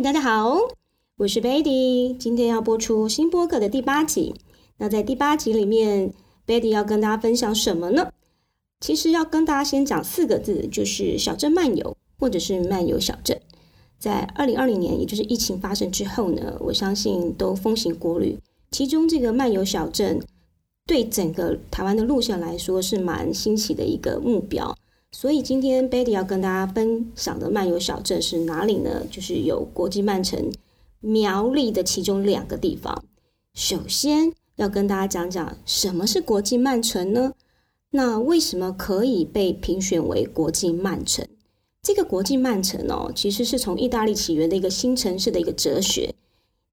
大家好，我是 Betty，今天要播出新播客的第八集。那在第八集裡面，Betty 要跟大家分享什麼呢？其實要跟大家先講四個字，就是小鎮漫遊，或者是漫遊小鎮。在二零二零年，也就是疫情發生之後呢，我相信都風行國旅。其中這個漫遊小鎮，對整個台灣的路線來說，是蠻新奇的一個目標。所以今天 Betty 要跟大家分享的漫遊小鎮是哪裡呢？就是有國際慢城苗栗的其中兩個地方。首先要跟大家講講什麼是國際慢城呢？那為什麼可以被評選為國際慢城？這個國際慢城哦，其實是從意大利起源的一個新城市的一個哲學。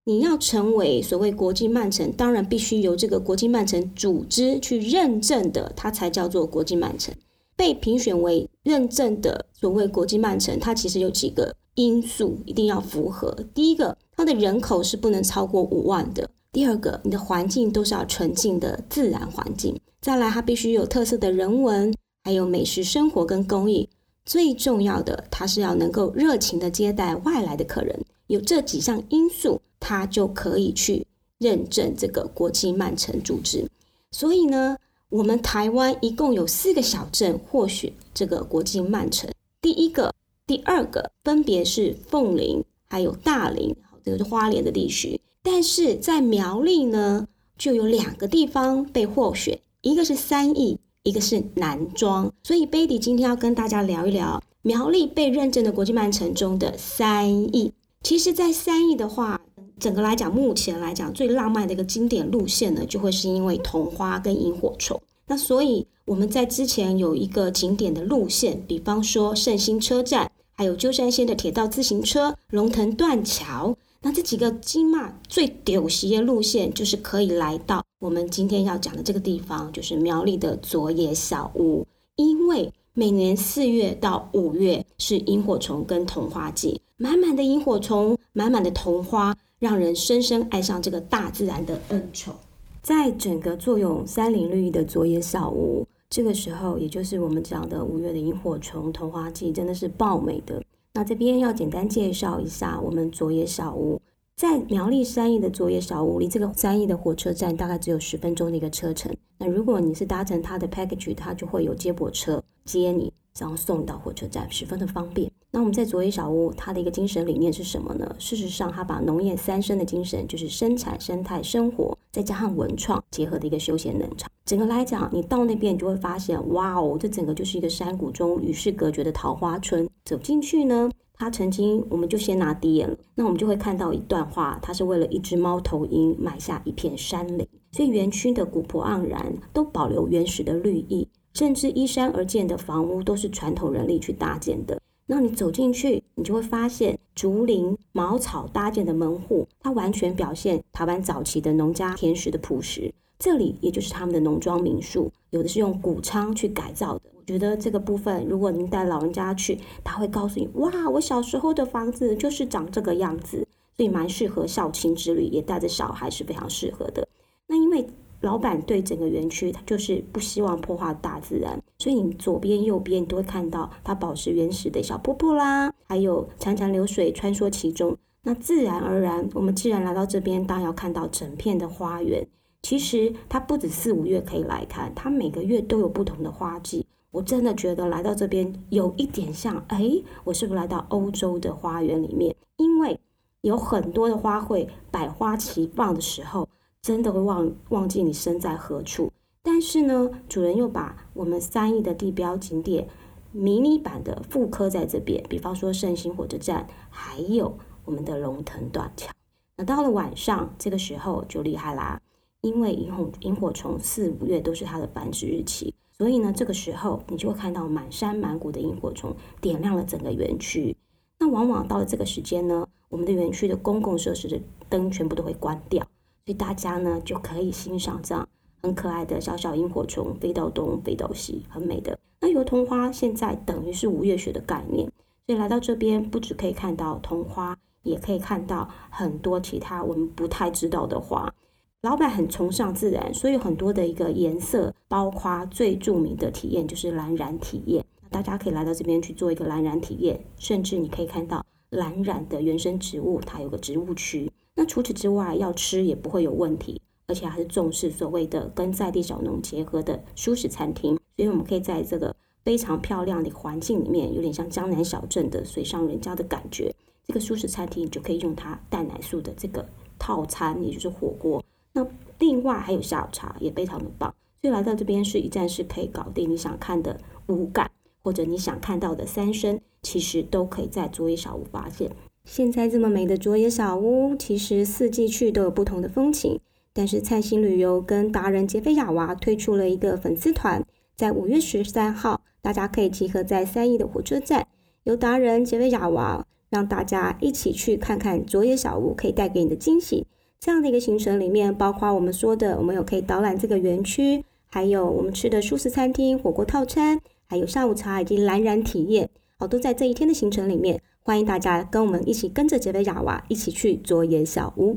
你要成為所謂國際慢城，當然必須由這個國際慢城組織去認證的，它才叫做國際慢城。被評選為認證的所謂國際慢城，它其實有幾個因素一定要符合。第一個，它的人口是不能超過五萬的；第二個，你的環境都是要純淨的自然環境；再來，它必須有特色的人文，還有美食、生活跟工藝。最重要的，它是要能夠熱情地接待外來的客人。有這幾項因素，它就可以去認證這個國際慢城組織。所以呢，我們台灣一共有四個小鎮獲選這個國際慢城，第一個、第二個分別是鳳林還有大林，這個是花蓮的地區。但是在苗栗呢，就有兩個地方被獲選，一個是三義，一個是南莊。所以，貝迪今天要跟大家聊一聊苗栗被認證的國際慢城中的三義。其實，在三義的話，整個來講，目前來講最浪漫的一個經典路線呢，就會是因為桐花跟螢火蟲。那所以我們在之前有一個景點的路線，比方說勝興車站，還有舊山線的鐵道自行車、龍騰斷橋。那這幾個金馬最典型路線，就是可以來到我們今天要講的這個地方，就是苗栗的卓也小屋，因為每年四月到五月是螢火蟲跟桐花季。滿滿的螢火蟲，滿滿的桐花，讓人深深愛上這個大自然的恩寵。在整個坐擁山林綠意的卓也小屋，這個時候也就是我們講的五月的螢火蟲、桐花季，真的是爆美的。那這邊要簡單介紹一下，我們卓也小屋在苗栗三義的卓也小屋，離這個三義的火車站大概只有十分鐘的一個車程。那如果你是搭乘它的 package，它就會有接駁車接你，然後送你到火車站，十分的方便。那我們在卓也小屋，它的一個精神理念是什麼呢？事實上，它把農業三生的精神，就是生產、生態、生活，再加上文創結合的一個休閒農場。整個來講，你到那邊，你就會發現，哇哦，這整個就是一個山谷中與世隔絕的桃花村。走進去呢，它曾經我們就先拿地眼了，那我們就會看到一段話，它是為了一隻貓頭鷹買下一片山林。所以園區的古樸盎然都保留原始的綠意，甚至依山而建的房屋都是傳統人力去搭建的。那你走進去，你就會發現竹林茅草搭建的門戶，它完全表現台灣早期的農家田舍的樸實。這裡也就是他們的農莊民宿，有的是用穀倉去改造的。我覺得這個部分，如果您帶老人家去，他會告訴你：哇，我小時候的房子就是長這個樣子，所以蠻適合孝親之旅，也帶着小孩是非常適合的。那因為老闆對整個園區，他就是不希望破壞大自然。所以你左邊、右邊，你都會看到它保持原始的小瀑布啦，還有潺潺流水穿梭其中。那自然而然，我們既然來到這邊，當然要看到整片的花園。其實它不只四五月可以來看，它每個月都有不同的花季。我真的覺得來到這邊有一點像，哎，我是不是來到歐洲的花園裡面？因為有很多的花卉百花齊放的時候，真的會忘忘記你身在何處。但是呢，主人又把我們三義的地標景點迷你版的複刻在這邊，比方說勝興火車站，還有我們的龍騰斷橋。那到了晚上這個時候就厲害啦，因為螢火螢火蟲四五月都是它的繁殖日期，所以呢，這個時候你就會看到滿山滿谷的螢火蟲點亮了整個園區。那往往到了這個時間呢，我們的園區的公共設施的燈全部都會關掉，所以大家呢就可以欣賞這樣。很可愛的小小螢火蟲，飛到東，飛到西，很美的。那油桐花現在等於是五月雪的概念，所以來到這邊，不只可以看到桐花，也可以看到很多其他我們不太知道的花。老闆很崇尚自然，所以有很多的一個顏色，包括最著名的體驗就是藍染體驗。大家可以來到這邊去做一個藍染體驗，甚至你可以看到藍染的原生植物，它有個植物區。那除此之外，要吃也不會有問題。而且還是重視所謂的跟在地小農結合的蔬食餐廳，所以我們可以在這個非常漂亮的環境裡面，有點像江南小鎮的水上人家的感覺。這個蔬食餐廳，你就可以用它蛋奶素的這個套餐，也就是火鍋。那另外還有下午茶，也非常的棒。所以來到這邊是一站式可以搞定你想看的五感，或者你想看到的三生，其實都可以在卓也小屋發現。現在這麼美的卓也小屋，其實四季去都有不同的風情。但是燦星旅遊跟達人杰菲亞娃推出了一個粉絲團，在五月十三號，大家可以集合在三義、e、的火車站，由達人杰菲亞娃讓大家一起去看看卓也小屋可以帶給你的驚喜。這樣的一個行程裡面，包括我們說的，我們有可以導覽這個園區，還有我們吃的蔬食餐廳火鍋套餐，還有下午茶以及藍染體驗，哦，都在這一天的行程裡面。歡迎大家跟我們一起跟着杰菲亞娃一起去卓也小屋。